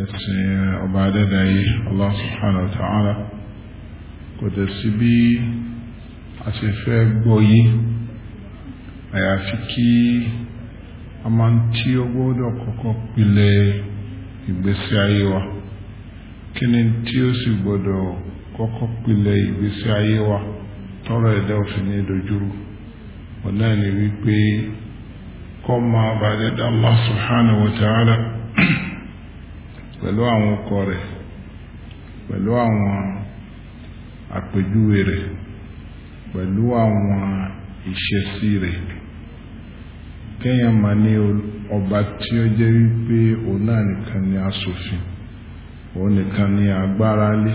ẹ̀sìn eh, ọba adẹ́dàáyé Allah subhanahu wa ta'ala kò dẹ̀ sí bí a ṣe fẹ́ gbọ́ yé àyàfi kí a máa ń tí ó gbọdọ kọ́kọ́ pilẹ̀ ìgbésí ayé wa kí ni tí ó sì gbọdọ kọ́kọ́ pilẹ̀ ìgbésí ayé wa tọrọ ẹ̀dá òfin wípé kọ́ máa pẹ̀lú àwọn ọkọ rẹ̀ pẹ̀lú àwọn àpèjúwe rẹ̀ pẹ̀lú àwọn ìṣesí rẹ̀ kéèyàn máa ní ọba tí ó jẹ́ wípé òun náà nìkan ni aṣòfin òun nìkan ni agbára lé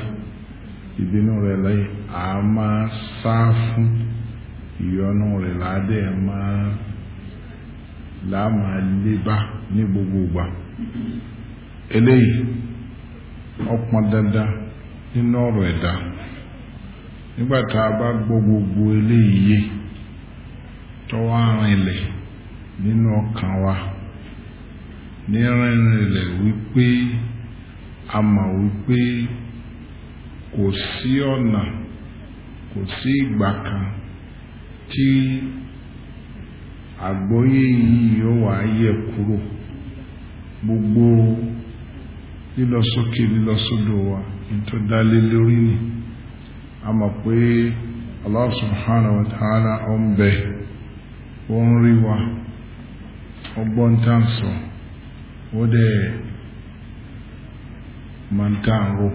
ìbínú rẹ̀ lẹ́yìn a máa sá fún ìyọnu rẹ̀ ládẹ́ máa láà máa lébá ní gbogbo ìgbà. eléyìí ọpọn dandan nínú ọ̀rọ̀ ẹ̀dá nígbà tá a bá gbọ́ gbogbo eléyìí yé tọwọ àrùn ilẹ̀ nínú ọkàn wa ní rìnrìn ilẹ̀ wípé a mọ̀ wípé kò sí ọ̀nà kò sí ìgbà kan tí àgbọ́yé yìí yóò wá yẹ̀ kúrò gbogbo. lílọ sókè lílọ sódò wa tó dálé lórí ni a mọ̀ pé Allah subhanahu wa ta'ala ọ ń bẹ ó ń rí wa ọgbọ́n tá sọ ó dẹ̀ máa ń tá ro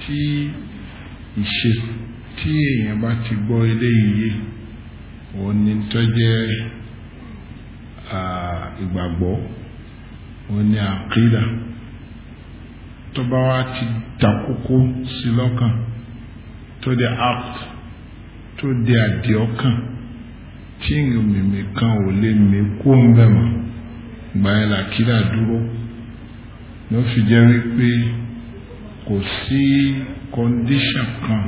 tí ìṣe tí èèyàn bá ti gbọ́ eléyìí òun ni tó ìgbàgbọ́ òun ni àkídà tó bá wá ti dàkókó sí lọ́kàn tó dé apt tó dé àdì ọkàn tí ìyẹn mímì kan ò lè mí kó ń bẹ̀ mọ́ gbàyẹn làkìlà dúró ló fi jẹ́ wípé kò sí kọ́ndíṣàn kan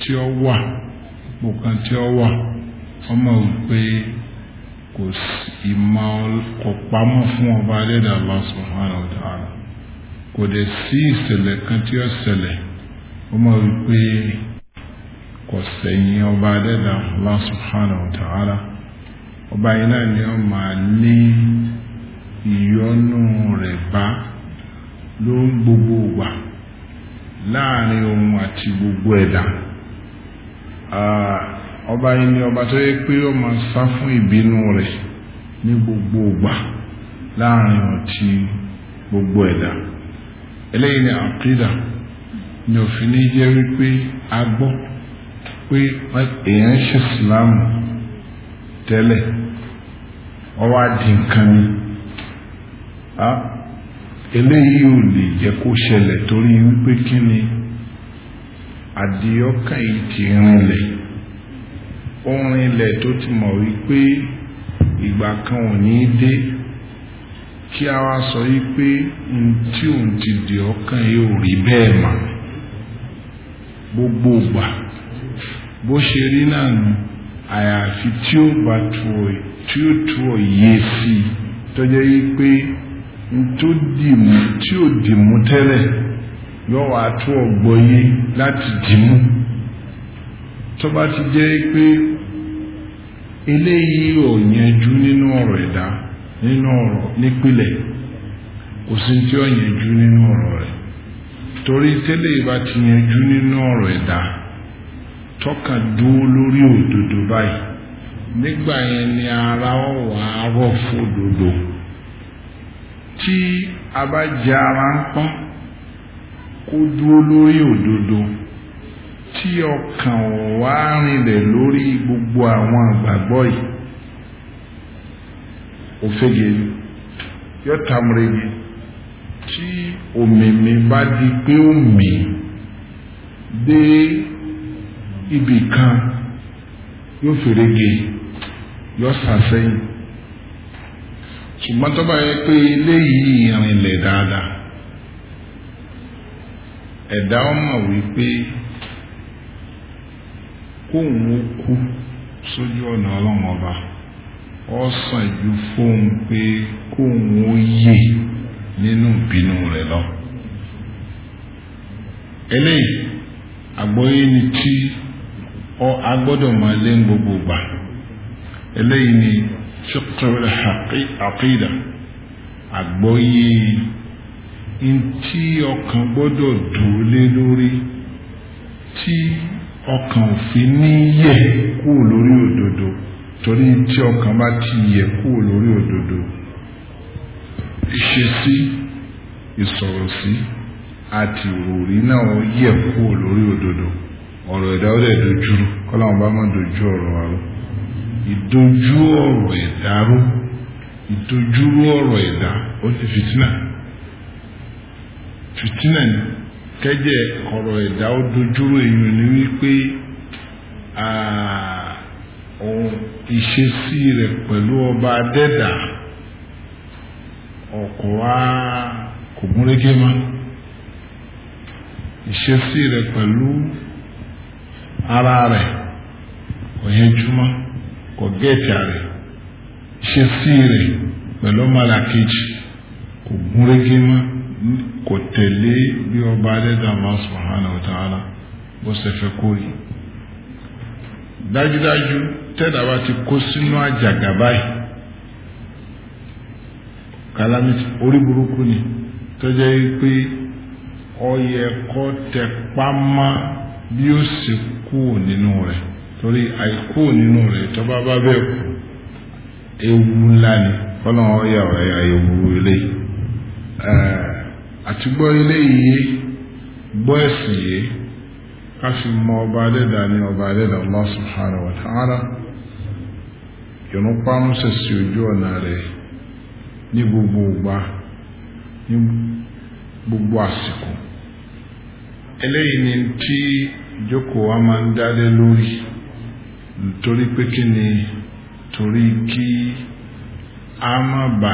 tí ó wà ipò kan tí ó wà ọmọ wípé kò sí ìmọ̀ ọ̀pamọ́ fún ọba adẹ́dàá Allah subhanahu wa ta'ala. kò dẹ̀ sí ìṣẹ̀lẹ̀ kan tí ó ṣẹlẹ̀ ó mọ̀ wípé kò sẹ̀yìn ọba adẹ́dà Allah subhanahu ọba yìí náà ni ó máa ní rẹ̀ bá ló gbogbo wà láàrin òun àti gbogbo ẹ̀dá eléyìí ni àkídà ni òfin ní jẹ́ wípé a gbọ́ pé èèyàn ṣe tẹ́lẹ̀ ọwọ́ àdì nǹkan ni eléyìí ò lè jẹ́ kó ṣẹlẹ̀ torí wípé kí ni àdìọ́kà yìí ti rinlẹ̀ ó rinlẹ̀ tó ti mọ̀ wípé ìgbà kan ò ní dé kí a wá sọ yí pé ntí òun ti di ọkàn yìí ò rí bẹ́ẹ̀ mà gbogbo gbà bó ṣe rí náà nù àyàfi tí ó bá tu ọ tí ó tu ọ yé sí i tọ́jọ́ yí pé ntó dìmú tí ò tẹ́lẹ̀ yọ wá tó ọgbọ yé láti dìmú tó bá ti jẹ́ pé eléyìí ò yanjú nínú ọ̀rọ̀ ẹ̀dá. nínú ọ̀rọ̀ nípìlẹ̀ kò sí tí ó yanjú nínú ọ̀rọ̀ rẹ̀ torí tẹ́lẹ̀ ìbá ti yanjú nínú ọ̀rọ̀ ẹ̀dá tọ́ka dúró lórí òdodo báyìí nígbà yẹn ni ara ó wà á rọ̀ fún òdodo tí a bá jẹ ara ń pọ́n kó dúró lórí òdodo tí ọkàn wá rinlẹ̀ lórí gbogbo àwọn àgbàgbọ́ yìí òfegè yóò tamrege tí òmìmí bá di pé ó mì dé ibì kan yóò fèrègè yóò sàsẹ́yìn ṣùgbọ́n tó bá yẹ pé eléyìí rìnlẹ̀ dáadáa ẹ̀dá ọmọ wípé kóun ó kú sójú ọ̀nà ọlọ́run ọba ó sàn ju fóun pé kóun ó yè nínú ìbínú rẹ̀ lọ. eléyìí àgbọ́yé ni tí ọ agbọ́dọ̀ máa lé ń gbogbo gbà eléyìí ni fiqhul aqida àgbọ́yé ntí ọkàn gbọ́dọ̀ dùn lé lórí tí ọkàn òfin ní yẹ̀ kúrò lórí òdodo torí tí ọkàn bá ti yẹ kúrò lórí òdodo ìṣesí ìsọ̀rọ̀sí àti ìròrí náà yẹ kúrò lórí òdodo ọ̀rọ̀ ẹ̀dá ó dẹ̀ dojúrú kọ́láwọn bá má dojú ọ̀rọ̀ wa rú ìdojú ọ̀rọ̀ ẹ̀dá rú ìdojúrú ọ̀rọ̀ ẹ̀dá ó ti fìtínà fìtínà ni kẹ́jẹ́ ọ̀rọ̀ ẹ̀dá ó dojúrú èèyàn ni wípé àà. òun ìṣesí rẹ̀ pẹ̀lú ọba adẹ́dà ọkọ̀ wa kò múrégé mọ́ ìṣesí rẹ̀ pẹ̀lú ara rẹ̀ kò yẹjú mọ́ kò rẹ̀ ìṣesí rẹ̀ pẹ̀lú kò múrégé mọ́ kò tẹ̀lé bí ọba adẹ́dà ma subhanahu wa bó ṣe fẹ́ tẹ́dá wa ti kó sínú àjàgà báyìí calamity orí burúkú ni jẹ́ pé ọyẹ kọ́ tẹpá mọ́ bí ó sì kú nínú rẹ̀ torí àìkú kú ewu ńlá ni fọlọ́n ọyà ewu eléyìí àti gbọ́ eléyìí gbọ́ ẹ̀sìn yìí ká fi ọba adẹ́dà ní ọba adẹ́dà ìrun pámú sẹ̀sì ojú ọ̀nà rẹ̀ ní gbogbo ìgbà ní gbogbo àsìkò eléyìí ni tí ìjókòó wa máa ń dálé lórí pé kí ni torí kí a má bà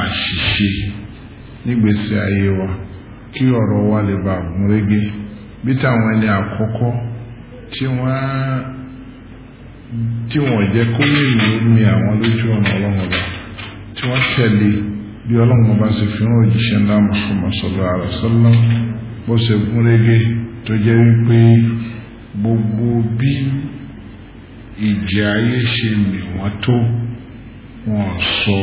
nígbèsè ayé wa kí ọ̀rọ̀ wa lè bà gúnrégé bí táwọn ẹni àkọ́kọ́ tí tí wọ́n jẹ́ kó ní ìlú mi àwọn lójú ọ̀nà ọlọ́run ọba tí wọ́n tẹ̀lé bí ọlọ́run ọba ṣe fi hàn òjíṣẹ́ ńlá Muhammad sallallahu alaihi wasallam bó ṣe gún régé tó jẹ́ wípé gbogbo bí ìjì ayé ṣe mì wọ́n tó wọ́n sọ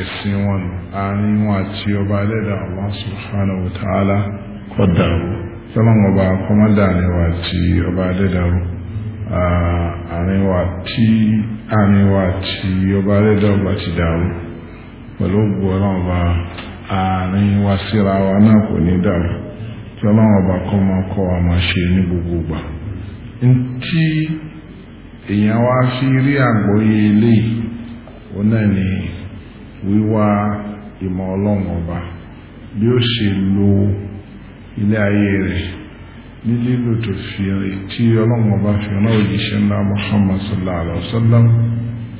ẹ̀sìn wọn nù àárín wọn àti ọba alẹ́dà Allah subhanahu wa ta'ala kọ́ dàrú ọlọ́run ọba ni wà àti ọba alẹ́dà rú. àárín ah, wa tí àárín wa tí ọba rẹ́dọ̀gba ti dàrú pẹ̀lú ògbó ọlọ́run ọba àárín wa síra wa náà kò ní dàrú tí ọlọ́run ọba kọ́ máa kọ́ wa máa ṣe ní gbogbo ìgbà ntí èèyàn wá fi rí àgbọ́yé eléyìí òun náà ni wíwá ìmọ̀ ọlọ́run ọba bí ó ṣe lo ilé ayé rẹ̀ Ni lílò tó fi tí ọlọ́run ọba fi ọ̀nà òjíṣẹ́ ńlá Muhammad sallallahu alaihi sallam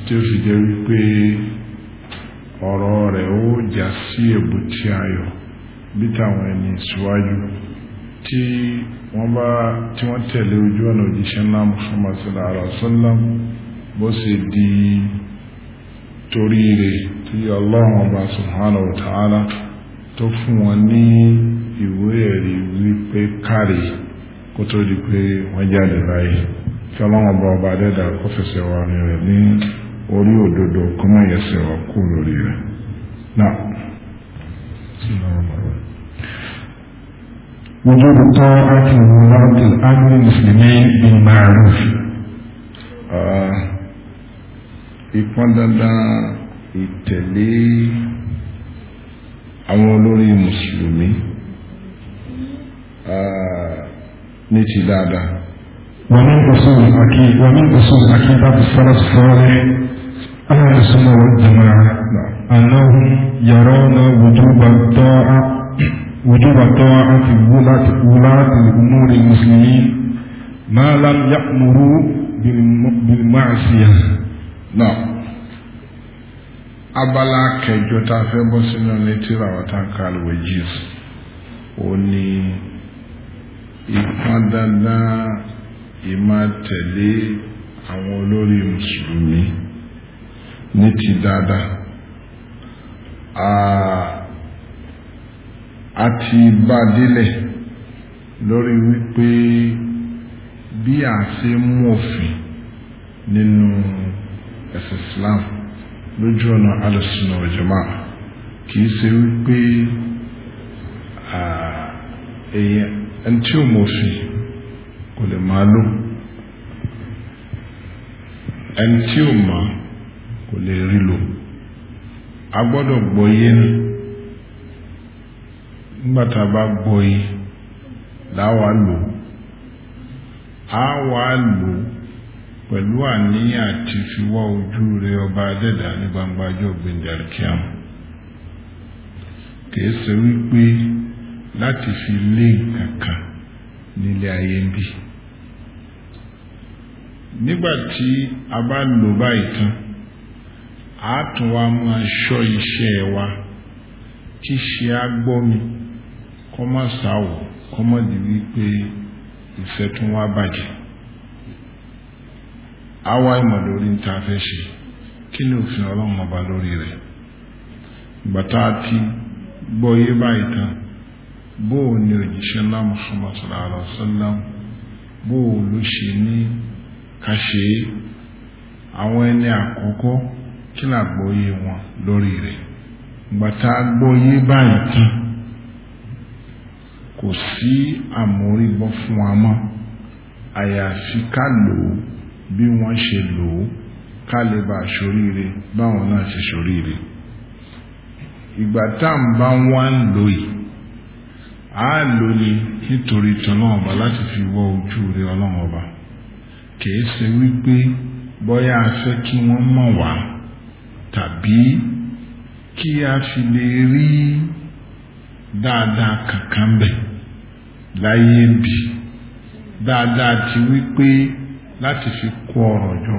tí ó fi jẹ́ wípé ọ̀rọ̀ rẹ̀ ó jà sí èbúté ayọ̀ bí táwọn ẹni síwájú tí wọ́n bá tí wọ́n tẹ̀lé ojú ọ̀nà òjíṣẹ́ ńlá Muhammad sallallahu alaihi sallam bó ṣe di torí rẹ̀ tí ọlọ́run ọba subhanahu wa ta'ala tó fún wọn ní ìwé ẹ̀rí wípé kárí kó tó di pé wọ́n jáde láyé kí ọlọ́run ọba ọba adẹ́dà kó fẹsẹ̀ wa ní rẹ̀ ní orí òdodo kó má yẹsẹ̀ wa kú lórí rẹ̀ náà. وجوب الطاعة من رب الأمر المسلمين بالمعروف ìpọn dandan ìtẹ̀lé àwọn olórí mùsùlùmí ní ti dáadáa. wàmí ọ̀sán àkí wàmí ọ̀sán àkí bàbá fara fọ́ọ́rẹ́ aláìsọ́nà wọ́n jẹ̀mọ́ anáhùn yàrá ọ̀nà wùdúbà tọ́ra wùdúbà tọ́ra àti wùláàtì umúri mùsùlùmí máa lam yàmùrú bìlmáàsíyà. náà abala kẹjọ tá a fẹ́ bọ́ sínú létí ràwọ̀tá kàlùwẹ̀ jíìs ó ní ìpọn dandan ìmọ̀ tẹ̀lé àwọn olórí mùsùlùmí ní ti dáadáa a ti bá délẹ̀ lórí wípé bí a ṣe mú òfin nínú ẹ̀sìn Islam lójú ọ̀nà alùsùnà ọ̀jọ̀má kìí ṣe wípé èèyàn ẹni tí ò mọ̀ òfin kò lè máa lò ẹni tí ò kò lè rí lò a gbọ́dọ̀ gbọ́ ni bá pẹ̀lú fi wá ojú ọba adẹ́dà ní gbangba ọjọ́ gbẹ̀ndẹ̀ àkíyàn kìí ṣe wípé. láti fi lé nǹkan nílé ayé ń bí nígbà tí a bá lò báyìí tán a tún wá máa iṣẹ́ wa kí ṣe á gbọ́ mi kọ́ má sáwò kọ́ má di wípé ìfẹ́ tún wá bàjẹ́ a wá ìmọ̀ lórí ta fẹ́ ṣe kí ni òfin ọlọ́run ọba lórí rẹ̀ bàtà àti gbọ́ báyìí tán bóò ni òjíṣẹ́ ńlá Muhammad sallallahu alaihi wasallam bóò ló ṣe ní káṣe àwọn ẹni àkọ́kọ́ kí làgbọ́yé wọn lórí rẹ̀ gbàtà gbọ́yé báyìí tán kò sí àmórìbọ́ fún wa mọ́ àyàfi ká lò ó bí wọ́n ṣe lò ó ká lè bá ṣoríire báwọn náà ṣe ṣoríire ìgbà tá à ń bá wọn lò yìí a lò ní nítorí tọ́lọ́run ọba láti fi wọ ojú rẹ ọlọ́run ọba kìí ṣe wípé bóyá a fẹ́ kí wọ́n mọ̀ wá tàbí kí a fi lè rí dáadáa kankan bẹ̀ láyé bì dáadáa ti wípé láti fi kó ọrọ̀ jọ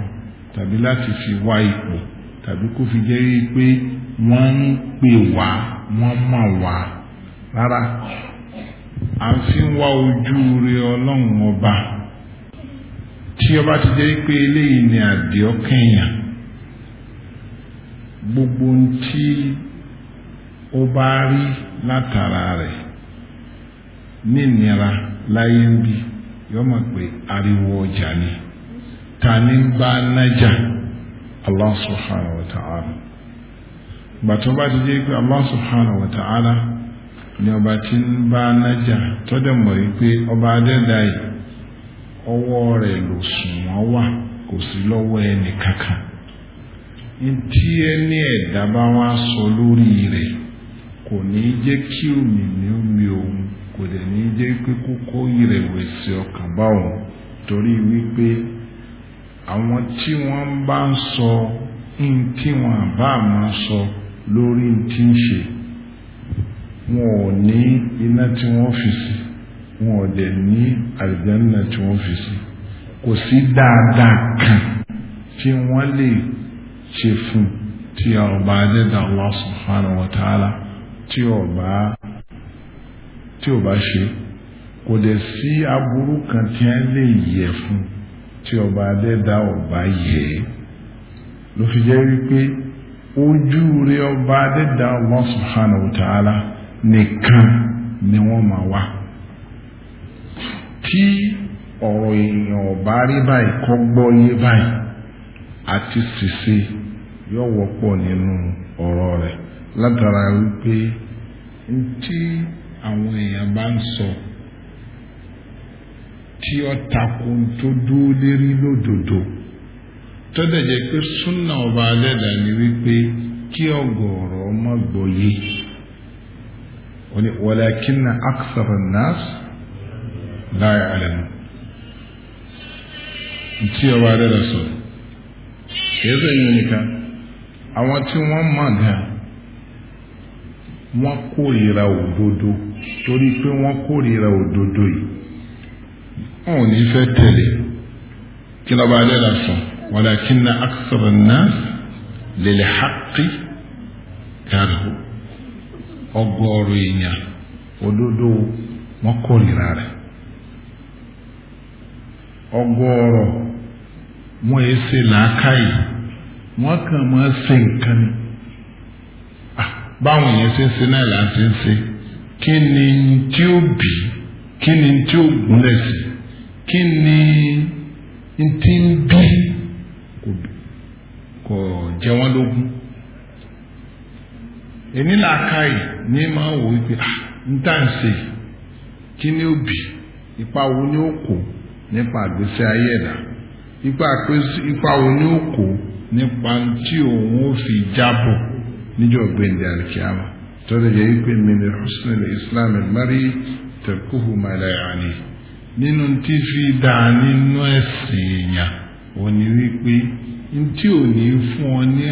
tàbí láti fi wá ipò tàbí kó fi jẹ́ wípé wọ́n ń pè wá wọ́n mọ̀ wá rárá à ń fi wá ojú rẹ ọlọ́run ọba tí ọba ti jẹ́ pé eléyìí ni àdìọ́ gbogbo ohun tí ó bá rí látara rẹ̀ ní ìnira láyé ń bí yọ mọ̀ pé ariwo ọjà ta ni ń bá nájà gbàtọ́ ti jẹ́ pé ni ọba tí ń bá nájà tọ́dẹ̀ mọ̀ wípé ọba adẹ́dá yìí ọwọ́ rẹ̀ ló sùn wọ́n wà kò sí lọ́wọ́ ẹnì kankan ntí ẹni ẹ̀dá bá wá sọ lórí rẹ̀ kò ní jẹ́ kí omi ní omi òun kò dẹ̀ ní jẹ́ pé kókó ìrẹ̀wẹ̀sì ọkàn bá òun torí wípé àwọn bá ń sọ máa wọn ò ní iná tí wọ́n fi sí wọn ò dẹ̀ ní àlìjánná tí wọ́n fi sí kò sí dáadáa kan tí wọ́n lè ṣe fún tí ọba adẹ́dà Allah subhanahu wa ta'ala tí ọba tí ọba ṣe kò dẹ̀ sí aburú kan tí wọ́n lè yẹ fún tí ọba adẹ́dà ọba yẹ ló fi jẹ́ wípé ojú rẹ ọba adẹ́dà Allah subhanahu wa nìkan ni wọ́n ma wá tí ọ̀rọ̀ èèyàn ọ̀bá rí báyìí kọ́ gbọ́ yé báyìí àti ṣìṣe yóò wọ́pọ̀ nínú ọ̀rọ̀ rẹ̀ látara wípé tí àwọn èèyàn bá ń sọ tí ó takun tó dúró lérí lódodo tó dẹ̀ jẹ́ pé súnà ọba alẹ́dàá ni wípé kí ọgọ̀ọ̀rọ̀ má gbọ́ yé. ولكن أكثر الناس لا يعلم. nas la ya'lamun ntí ọba adẹ́rẹ́ sọ kìí sẹ́yìn nìkan àwọn tí wọ́n mọ̀ gan wọ́n kórìíra òdodo torí pé wọ́n kórìíra òdodo yìí wọn ò ní fẹ́ tẹ̀lé kí lọ́ba adẹ́rẹ́ sọ walakinna akthara an-nas lil haqqi karihu. ọgọ́rùn ịnya òdodo ah, wọn kórìíra rẹ̀ ọgọ́rọ̀ wọn èé ṣe làákàyè wọn kàn máa ṣe nǹkan ni báwọn èèyàn ṣe ń ṣe náà là ń ṣe ń ni tí n'ime máa wò wípé ah, n tá à ṣe kí ni ó nípa ipa ni nípa tí òun ó fi jábọ̀ níjọ́ gbẹ̀ndẹ̀ àlùkìyàmà tọ́lá jẹ́ wípé min husni islam mari tarkuhu fi ọ ní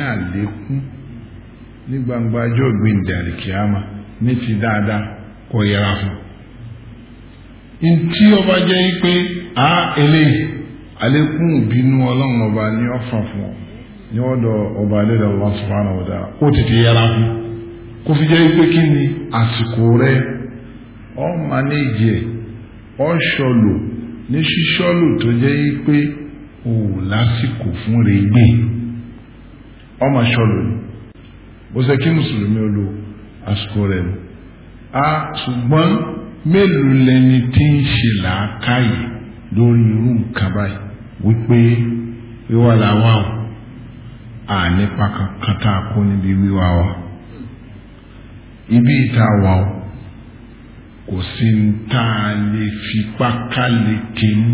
ní gbangba ọjọ́ ògbìndẹ̀ àlìkìyàmà ní ti dáadáa kò yẹra fún ọba jẹ́ pé a ele àlékún ìbínú ọlọ́run ọba ní ọ̀fà fún ọ ọba lẹ́dọ̀ Allah subhanahu wa ta'ala ó tètè yẹra fi jẹ́ pé kí ni àsìkò rẹ ọ manéjì ọ ṣọlò ní ṣíṣọlò tó jẹ́ pé lásìkò fún rẹ gbé ṣọlò ni bó ṣe kí mùsùlùmí ó àsìkò rẹ̀ mu a ṣùgbọ́n mélòó lẹni tí ń ṣe làákàyè lórí irú nǹkan báyìí wípé wíwá làwa o à nípa kankan tá a kó níbi wíwá wa ibi ìta wa o kò sí ń a lè fipá ká lè kéwú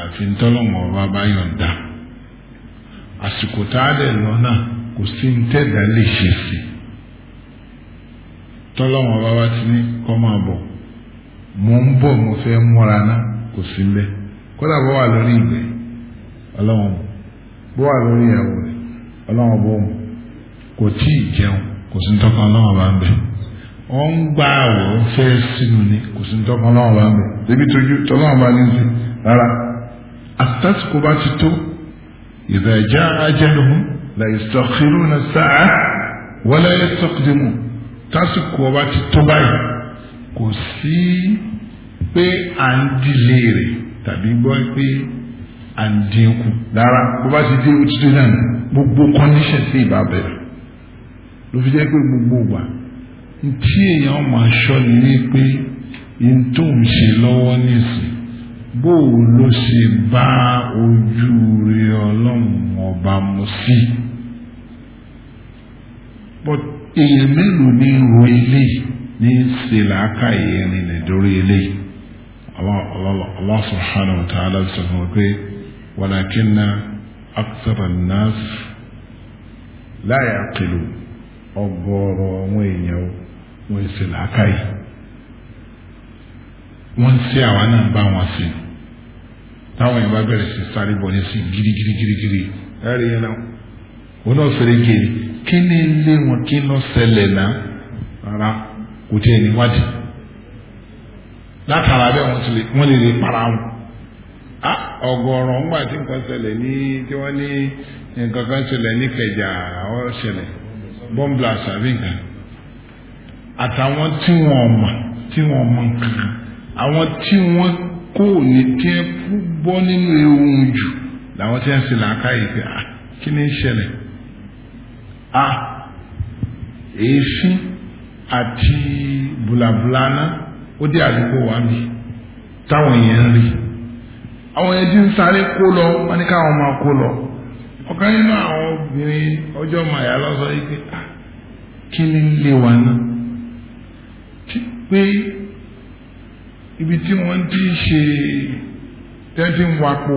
àfi ń tọ́lọ́mọ ọba bá yọ̀ǹda àsìkò tá a dẹ̀ lọ náà kò sí ntẹ́dà lè ṣe sí tọ́lọ́wọ́n bá wá ti ní kọ́ máa bọ̀ mo ń bọ̀ mo fẹ́ múra ná kò sí mbẹ́ kódà bó wà lórí ìgbẹ́ ọlọ́wọ́n mu bó wà lórí ìyàwó rẹ̀ ọlọ́wọ́n bó mu kò tí ì jẹun kò sí ntọ́kan ọlọ́wọ́n bá ń bẹ̀ wọ́n ń gbá àwọ̀ fẹ́ sínú ni kò sí ntọ́kan ọlọ́wọ́n bá ń bẹ̀ débi tójú tọ́lọ́wọ́n bá ní sí rárá àtàtìkó bá ti tó ìdá ìjà ajẹ́lóhùn la yastakhiruna sa'a wala yastaqdimu tásìkò ọba ti tó báyìí kò sí pé à ń dilé rẹ̀ tàbí gbọ́ pé à ń dínkù rárá bó bá ti dé ó ti dé náà gbogbo condition sí ìbá bẹ̀rẹ̀ ló fi jẹ́ pé gbogbo wa tí èèyàn máa ṣọ́ ni wípé n tó ń ṣe lọ́wọ́ nísìn bó o ló ṣe bá ojú rẹ ọlọ́run ọba mu sí i. but èèyàn mélòó ní ro eléyìí ní aka làákà èèyàn nílẹ̀ dórí eléyìí Allah subhanahu wa ta'ala fún pé walakinna akthara an-nas la yaqilu ọ̀gọ̀rọ̀ àwọn èèyàn wọn ṣe làákà yìí wọ́n ṣe àwọn náà bá wọn ṣe táwọn yẹn bá bẹ̀rẹ̀ sí sáré bọ̀ ní sí yẹn wọn náà fẹ́rẹ̀ gèrè kí ni ilé wọn kí ló ṣẹlẹ̀ náà rárá kò tí ẹ níwádìí látara bẹ́ẹ̀ wọ́n lè lè para wọn ọgọrọ ńgbà tí nǹkan ṣẹlẹ̀ ní tí wọ́n ní nǹkan kan ṣẹlẹ̀ ní kẹjà ọ ṣẹlẹ̀ bọmbla sàbí nǹkan àtàwọn tí wọ́n mọ̀ tí wọ́n mọ̀ nǹkan àwọn tí wọ́n kò ní tí ẹ nínú ewu jù làwọn tí wọ́n ṣe làákàyè pé ah, kí ni ń ṣẹlẹ̀ a èéfín àti bùlàbùlà náà ó dé àdúgbò wa mi táwọn èèyàn ń rí àwọn yẹn ti ń sáré kó lọ wọn ní káwọn máa kó lọ ọ̀kan nínú àwọn obìnrin ọjọ́ màyà lọ́sọ yìí pé kí ni lè wà náà pé ibi tí wọn ti ṣe tẹ́tí ń wapo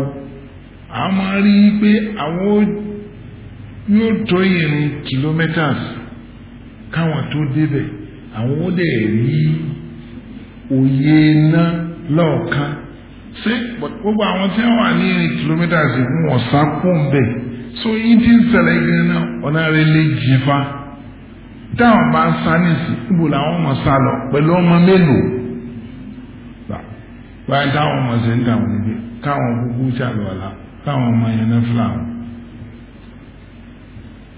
àwọn máa rí i pé àwọn ó. yóò tó ìrìn kilometers káwọn tó débẹ̀ àwọn ó dẹ̀ rí òye iná lọ́ọ̀kan ṣé gbogbo àwọn tí wọ́n wà ní ìrìn kilometers ìkún wọ́n sá ń bẹ̀ so yín ti ń ṣẹlẹ̀ yìí náà ọ̀nà rẹ̀ lè jìn fa táwọn bá ń sá nísìn níbo làwọn ọmọ sá lọ pẹ̀lú ọmọ mélòó báyìí táwọn ọmọ ṣe ń dàwọn níbi káwọn gbogbo ṣàlùwàlà káwọn ọmọ yẹn náà fúlàwọn.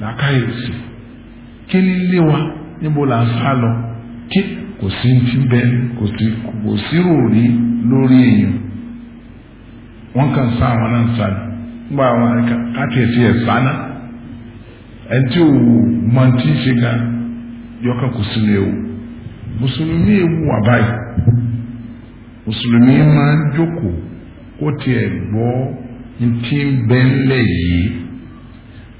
na káyọ̀sì kí nílé wa níbo là sá lọ kí kò sí ti bẹ kò sí kò sí lórí èèyàn wọn kàn sá àwọn náà sá nígbà àwọn kàtẹ́sì ẹ̀ sá ẹni tí ò mọ ti ṣe ga yọkàn kò ewu mùsùlùmí ewu wà báyìí mùsùlùmí máa ń jókòó kó tiẹ̀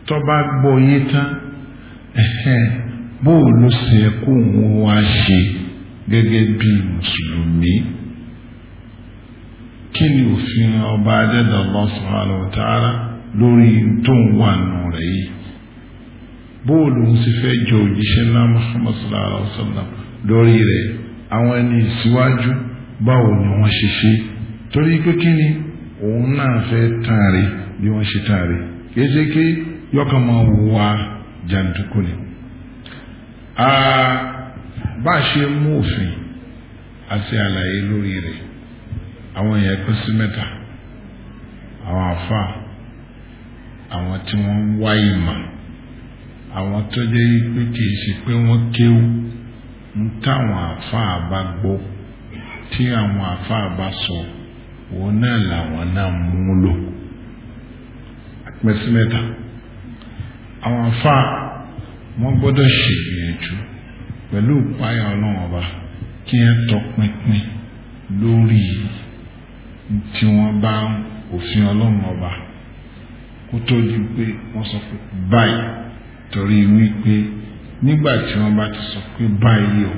tó bá gbọ́ yé tán bóò ló ṣe kó òun wá ṣe gẹ́gẹ́ bí mùsùlùmí kí ni òfin ọba adẹ́dàá Allah subhanahu ta'ala lórí tó ń wà nù rẹ̀ yìí bóò ló ń ṣe fẹ́ jọ òjíṣẹ́ ńlá Muhammad sallallahu alaihi wa sallam lórí rẹ̀ àwọn ẹni ìsíwájú báwo ni wọ́n ṣe ṣe torí pé kí ni òun náà fẹ́ tàn rí bí wọ́n ṣe tàn rí kì ṣe kí yọkàn máa wò wá jàǹdùkú ni bá a ṣe mú òfin àti àlàyé lórí rẹ̀ àwọn èèyàn pín sí mẹ́ta àwọn àfa àwọn tí wọ́n ń wá ìmọ̀ àwọn tó jẹ́ pé kì í ṣe pé wọ́n kéwú ń táwọn àfa bá gbọ́ tí àwọn àfa bá sọ òun náà làwọn náà mú lò pín sí mẹ́ta àwọn afá wọ́n gbọ́dọ̀ ṣègbìyànjú pẹ̀lú ìpáyà ọlọ́run ọba kí wọ́n tọpinpin lórí tí wọ́n bá òfin ọlọ́run ọba kó tó di pé wọ́n sọ pé báyìí torí wípé nígbà tí wọ́n bá ti sọ pé báyìí o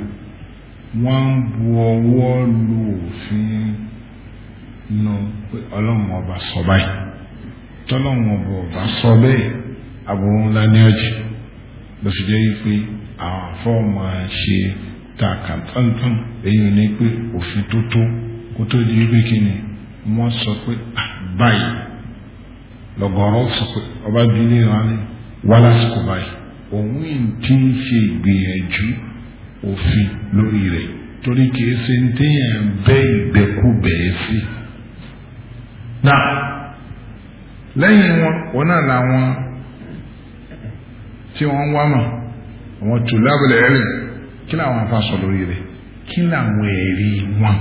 wọ́n ń bu ọwọ́ lu òfin nu pé ọlọ́run ọba sọ báyìí tọ́lọ́run ọba ọba sọ bẹ́ẹ̀ aburú ńlá ní ọjì bó ṣe jẹ́ pé àwọn afọ́ máa ṣe ta kàńtàntàn èyí ni pé òfin tó tó kó tó di pé kí ni wọ́n sọ pé báyìí lọ́gọ́rọ́ sọ pé ọba bílẹ̀ wa ni wá lásìkò báyìí òun ti ń ṣe ìgbìyànjú òfin lórí rẹ̀ torí kìí ṣe ń téèyàn bẹ́ ìgbẹ́kúbẹ̀ẹ́ sí. náà lẹ́yìn wọn náà làwọn. tí wọ́n ń wá mọ̀ àwọn tulabul ilm kí làwọn afa sọ lórí kí làwọn ẹ̀rí wọn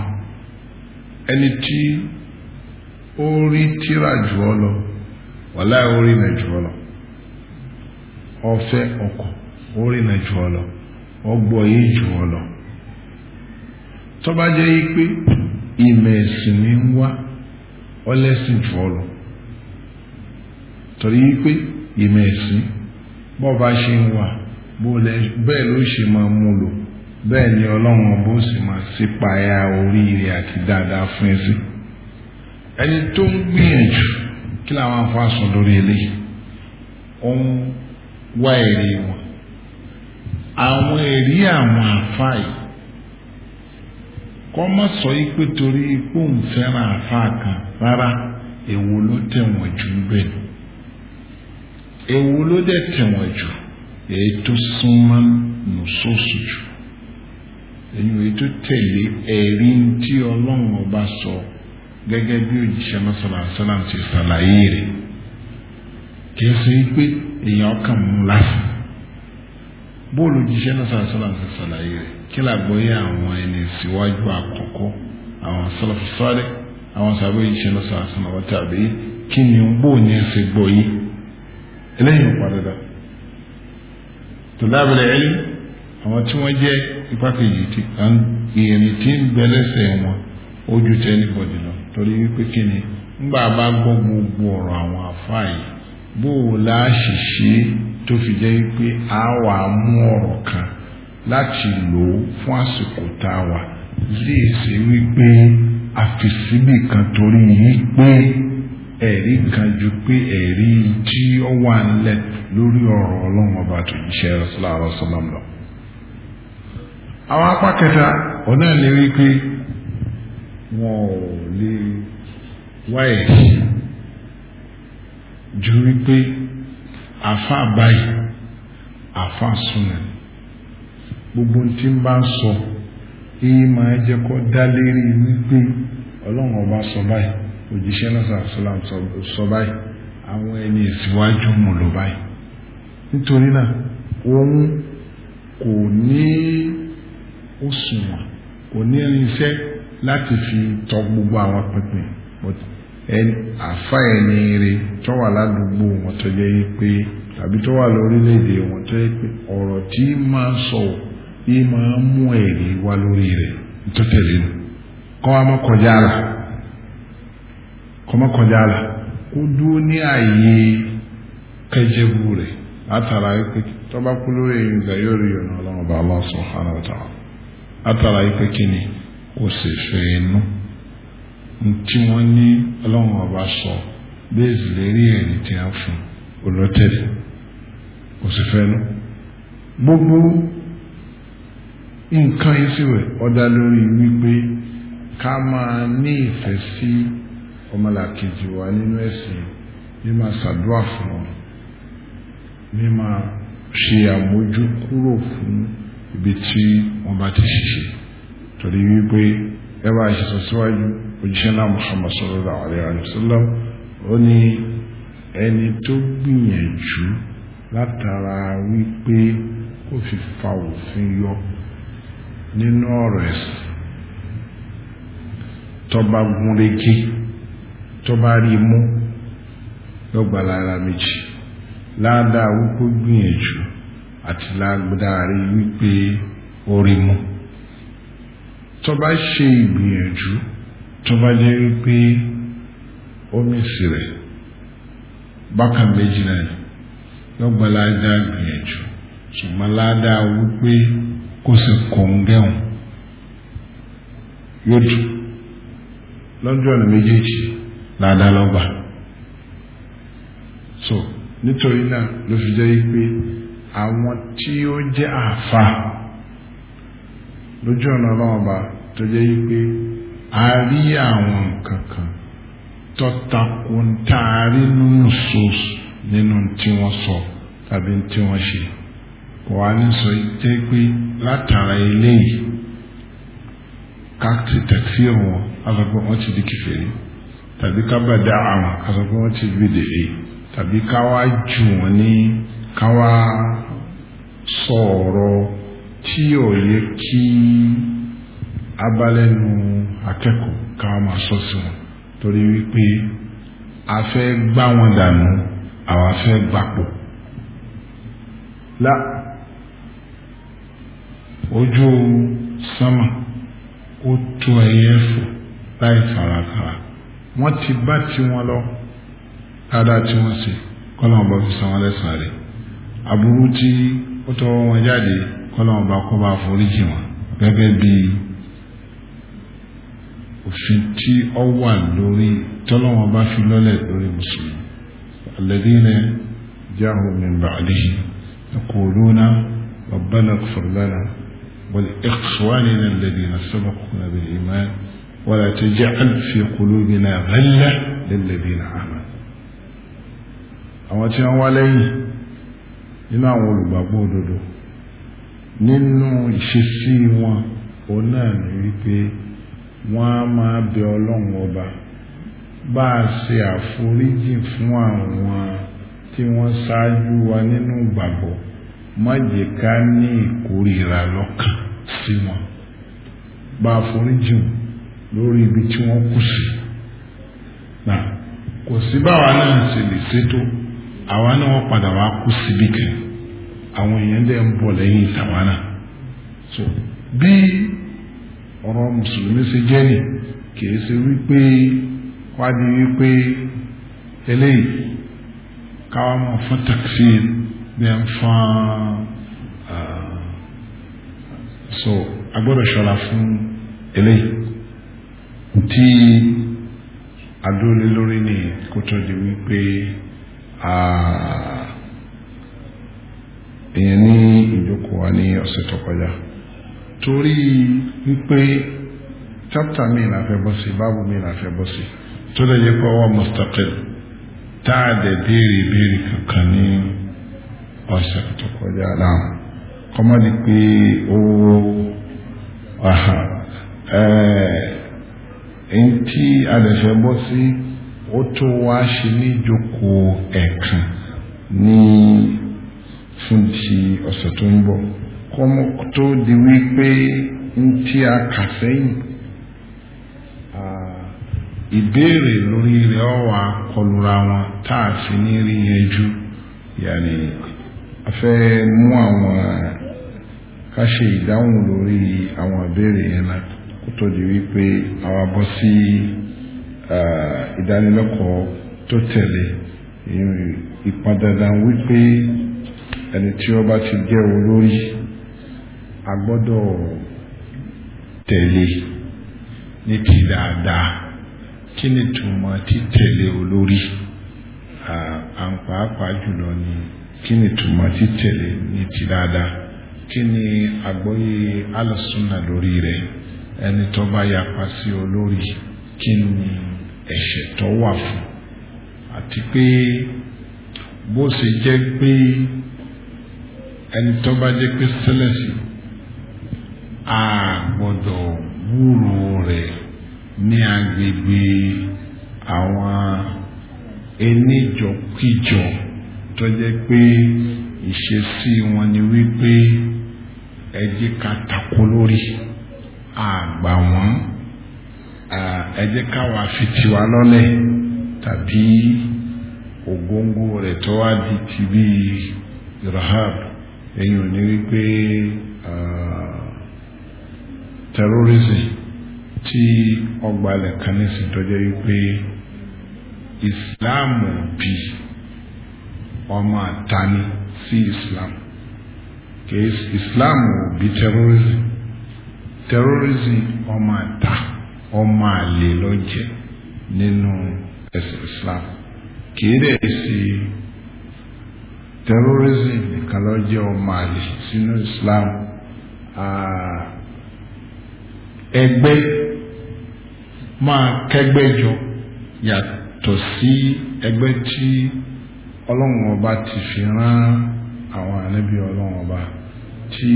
ẹni tí ó rí tíra jù ọ lọ wàlá ó rí nà jù ọ lọ ọfẹ ọkọ ó rí nà jù ọ lọ ọgbọ yìí jù ọ lọ pé lọ torí pé bó bá ṣe ń wà bẹ́ẹ̀ ló ṣe máa mú lò bẹ́ẹ̀ ni ọlọ́run ọba ó sì máa sípayá oríire àti dáadáa fún ẹsẹ̀ ẹni tó ń gbìyànjú kí làwọn afáàsọ lórí eléyìí ó ń wá èrè wọn àwọn èrè àwọn àfáà yìí kọ́ má sọ yìí pé torí pé òun fẹ́ràn àfáà kan rárá èwo ló tẹ̀wọ̀n jù ń bẹ̀rù èwo ló dẹ̀ tẹ̀wọ̀n jù èyí tó súnmọ́ nùsọ́sù jù èyí èyí tó tẹ̀lé ẹ̀rí tí ọlọ́run ọba sọ gẹ́gẹ́ bí òjíṣẹ́ mọ́sálà sálàm ti ṣàlàyé rẹ̀ kìí ṣe pé èèyàn kàn mú láti bóòlù òjíṣẹ́ mọ́sálà sálàm ti ṣàlàyé rẹ̀ kí làgbọ́yé àwọn ẹni síwájú àkọ́kọ́ àwọn sálàfù sálẹ̀ àwọn sàbẹ̀ òjíṣẹ́ mọ́sálà sálàm wọ́n kí ni bóòlù ẹ̀ṣẹ̀ gbọ́yé. eléyìí ń padà dà tòlábìlì ẹ̀lì àwọn tí wọ́n jẹ́ igbákejì tí ìrìn tí ń bẹ lẹ́sẹ̀ wọn ojú tẹ́lifọ̀dì lọ torí wípé kí ni ńgbà bá gbọ́ gbogbo ọ̀rọ̀ àwọn àfáà bó o tó fi jẹ wípé a wà mú ọ̀rọ̀ kan láti lò ó fún àsìkò tá a wà lè ṣe kan torí yìí pé. ẹ̀rí kan ju pé ẹ̀rí tí ó wà nílẹ̀ lórí ọ̀rọ̀ ọlọ́run ọba tó lọ. àwọn apá kẹta ọ̀nà lè rí pé wọn ò lè wá ẹ̀sìn ju pé àfa báyìí àfa súnà gbogbo tí ń bá sọ èyí máa jẹ́ kó dá lérí wípé ọlọ́run ọba sọ òjíṣẹ́ náà sàlám sọ báyìí àwọn ẹni ìsíwájú mú lò báyìí nítorí náà òun kò ní òṣùwọ̀n kò ní irinṣẹ́ láti fi tọ gbogbo àwọn pínpín àfa ẹni rẹ tó wà ládùúgbò wọn tó jẹ́ pé tàbí tó wà lórílẹ̀‐èdè wọn tó jẹ́ pé ọ̀rọ̀ tí máa sọ yìí máa mú ẹ̀rí wá lórí rẹ̀ kọ́mọ́ kọjá la kó dúró ní ààyè kẹjẹbu rẹ̀ látara pé tọ́ba kú lórí yóò rí ọba kí ni kò sì fẹ́ inú wọ́n ní ọlọ́run ọba sọ ẹ̀rí tí a fún olótẹ́lẹ̀ gbogbo nǹkan yìí wẹ̀ ọ̀dà lórí ọmọlàkejì wa nínú ẹ̀sìn mímá ṣàdúrà fún wọn mímá ṣe àmójúkúrò fún ibi tí wọ́n bá ti ṣiṣẹ́ torí wípé ẹ bá ṣe sọ síwájú òjíṣẹ́ náà Muhammad sallallahu alaihi wasallam ó ní ẹni tó gbìyànjú látara wípé kó fi fa òfin yọ nínú ọ̀rọ̀ ẹ̀sìn tọ́ba gúnrégé tó bá rí mú lọ́gbà lára méjì ládàá wípé gbìyànjú àti ládàá rí wípé ó rí mú tó bá ṣe ìgbìyànjú tó bá jẹ́ wípé ó mèsì rẹ̀ bákan méjì náà ni lọ́gbà ládàá gbìyànjú ṣùgbọ́n ládàá wípé kò sí yóò dùn lọ́jọ́ méjèèjì dáadáa lọ́gbà so nítorí náà ló fi jẹ́ pé àwọn tí ó jẹ́ àfa lójú ọ̀nà ọlọ́run ọba tó jẹ́ pé a rí àwọn nǹkan kan tọ́takò ń tá a rí nínú sòsò nínú tí wọ́n sọ tàbí tí wọ́n ṣe kò ní sọ jẹ́ pé látara eléyìí ká ti tẹ̀sí wọn a pé wọ́n ti di kìfèrí tàbí ká bàdá àwọn kásọ pé wọ́n ti gbèdè lé tàbí ká wá jù wọ́n ní ká wá sọ̀rọ̀ tí ò yẹ kí abalẹ́nu akẹ́kọ̀ọ́ ká wá máa sọ sí wọn torí wípé a fẹ́ gbá wọn dànù àwa fẹ́ gbapò. la ojú sánmà ó tó ẹyẹ fò láì farakara wọ́n ti bá tiwọn lọ dáadáa tí wọ́n ṣe kọ́lọ́n ọba fi san wọn lẹ́sàn-án rẹ̀ aburú tí ó tọ́ wọn jáde kọ́lọ́n ọba kó bá foríjì wọn gẹ́gẹ́ bí òfin tí ó wà lórí tọ́lọ́wọ́n ọba fi lọ́lẹ̀ lórí mùsùlùmí alladhina ja'u min ba'dihim yaquluna rabbana ighfir lana wa li ikhwanina alladhina sabaquna bil iman. ولا تجعل في قلوبنا غلة للذين آمنوا àwọn tí wọ́n wá lẹ́yìn nínú àwọn olùgbàgbọ́ òdodo nínú ìṣesí wọn òun náà ní wípé wọ́n á máa bẹ ọlọ́run ọba bá a ṣe àforíjì fún àwọn tí wọ́n ṣáájú wa nínú ìgbàgbọ́ má ní ìkórìíra lọ́kàn sí wọn bá a foríjì wọn lórí ibi tí wọ́n kú sí na kò sí báwa náà ṣe lè ṣètò àwa náà wọ́n padà wá kú síbi kan àwọn èèyàn dẹ̀ ń bọ̀ lẹ́yìn tàwa náà so bí ọ̀rọ̀ mùsùlùmí ṣe jẹ́ nì kìí ṣe wípé wádìí wípé eléyìí káwa máa fún takfir bẹ́ẹ̀ ń fún so agbọ́dọ̀ ṣọ́ra fún eléyìí. tí adúlé lórí ni kó tó di wípé èèyàn ní ìjókòó wa ní ọ̀sẹ̀ tó kọjá torí wípé chapter mi la fẹ́ bọ́ sí báàbù mi la fẹ́ bọ́ sí tó lè yẹ kó wọ́n mustaqil tá a dẹ̀ béèrè béèrè kankan ní ọ̀sẹ̀ tó kọjá náà kọ́mọ́dé pé ó ẹ̀ẹ́. èyí tí a lè sí ó tó wá ṣe ní ìjókòó ẹ̀kan ní fún ti ọ̀sẹ̀ tó ń bọ̀ kọ́mọ́ tó di wípé ń tí a kà sẹ́yìn ìbéèrè lórí rẹ ọwà kọlura wọn tá a fi ní rí yẹn jù yàní a mú àwọn ká ṣe ìdáhùn lórí àwọn ìbéèrè yẹn náà. tó di wípé àwa bọ́ sí ìdánilẹ́kọ̀ọ́ tó tẹ̀lé ìpàdàdàn wípé ẹni tí ó bá ti jẹ́ olórí a gbọ́dọ̀ tẹ̀lé ní ti dáadáa kí ni túmọ̀ títẹ̀lé olórí à ń pàápàá jùlọ ni kí ni túmọ̀ títẹ̀lé ní ti dáadáa kí ni àgbọ́yé alùsùnà lórí rẹ̀ ẹni tó bá yapa sí olórí kí ni ẹ̀ṣẹ̀ tó wà fún àti pé bó ṣe jẹ́ pé ẹni tó bá jẹ́ pé sẹ́lẹ̀sì a gbọ́dọ̀ wúrò rẹ̀ ní agbègbè àwọn eníjọkíjọ tó jẹ́ pé ìṣesí wọn ni wípé ẹ ká takò lórí. àgbà wọ́n ẹ jẹ́ káwa fi tiwa lọ́lẹ̀ tàbí ògóńgó rẹ̀ tó wá di ti bí rahab ẹ̀yìn ò ní wípé terrorism tí ọgbà alẹ̀ kan ní sí tọ́jọ́ wípé islam bí ọmọ àtàní sí islam kì í islam ò bí terrorism. terrorism ọmọ àta ọmọ àlè lọ́jẹ̀ nínú ẹ̀sìn Islam kìí dẹ̀ sí terrorism nìkan lọ́jẹ̀ ọmọ àlè sínú Islam ẹgbẹ́ máa kẹ́gbẹ́ jọ yàtọ̀ sí ẹgbẹ tí ọlọ́run ti fi rán àwọn ọlọ́run ọba tí